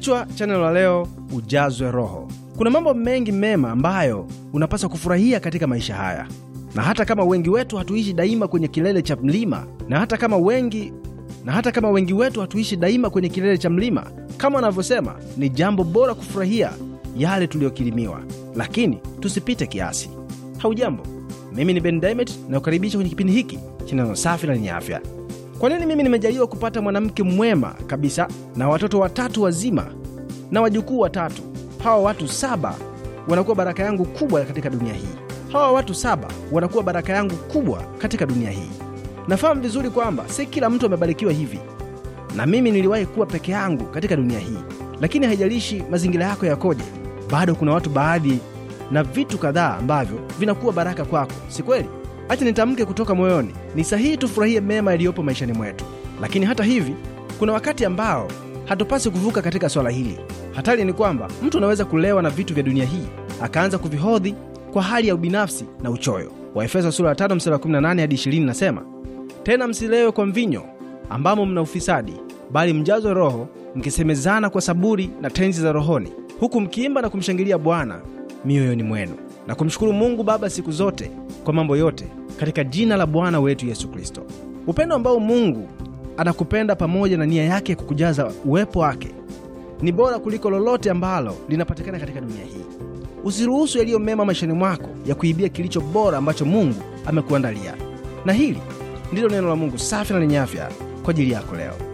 Kichwa cha neno la leo, ujazwe Roho. Kuna mambo mengi mema ambayo unapaswa kufurahia katika maisha haya, na hata kama wengi wetu hatuishi daima kwenye kilele cha mlima, na hata kama wengi na hata kama wengi wetu hatuishi daima kwenye kilele cha mlima, kama wanavyosema, ni jambo bora kufurahia yale tuliyokirimiwa, lakini tusipite kiasi. Haujambo, mimi ni Ben Diamond na kukaribisha kwenye kipindi hiki cha neno safi na lenye afya. Kwa nini mimi nimejaliwa kupata mwanamke mwema kabisa na watoto watatu wazima na wajukuu watatu? Hawa watu saba wanakuwa baraka yangu kubwa katika dunia hii. Hawa watu saba wanakuwa baraka yangu kubwa katika dunia hii. Nafahamu vizuri kwamba si kila mtu amebarikiwa hivi, na mimi niliwahi kuwa peke yangu katika dunia hii. Lakini haijalishi mazingira yako yakoje, bado kuna watu, baadhi na vitu kadhaa ambavyo vinakuwa baraka kwako, si kweli? Acha nitamke kutoka moyoni, ni sahihi tufurahie mema yaliyopo maishani mwetu, lakini hata hivi kuna wakati ambao hatupasi kuvuka katika swala hili. Hatari ni kwamba mtu anaweza kulewa na vitu vya dunia hii akaanza kuvihodhi kwa hali ya ubinafsi na uchoyo. Waefeso sura ya 5 mstari wa 18 hadi 20 nasema, tena msilewe kwa mvinyo ambamo mna ufisadi, bali mjazwe Roho mkisemezana kwa saburi na tenzi za rohoni, huku mkiimba na kumshangilia Bwana mioyoni mwenu na kumshukuru Mungu Baba siku zote kwa mambo yote katika jina la Bwana wetu Yesu Kristo. Upendo ambao Mungu anakupenda pamoja na nia yake kukujaza uwepo wake ni bora kuliko lolote ambalo linapatikana katika dunia hii. Usiruhusu yaliyo mema maishani mwako ya kuibia kilicho bora ambacho Mungu amekuandalia. Na hili ndilo neno la Mungu safi na lenye afya kwa ajili yako leo.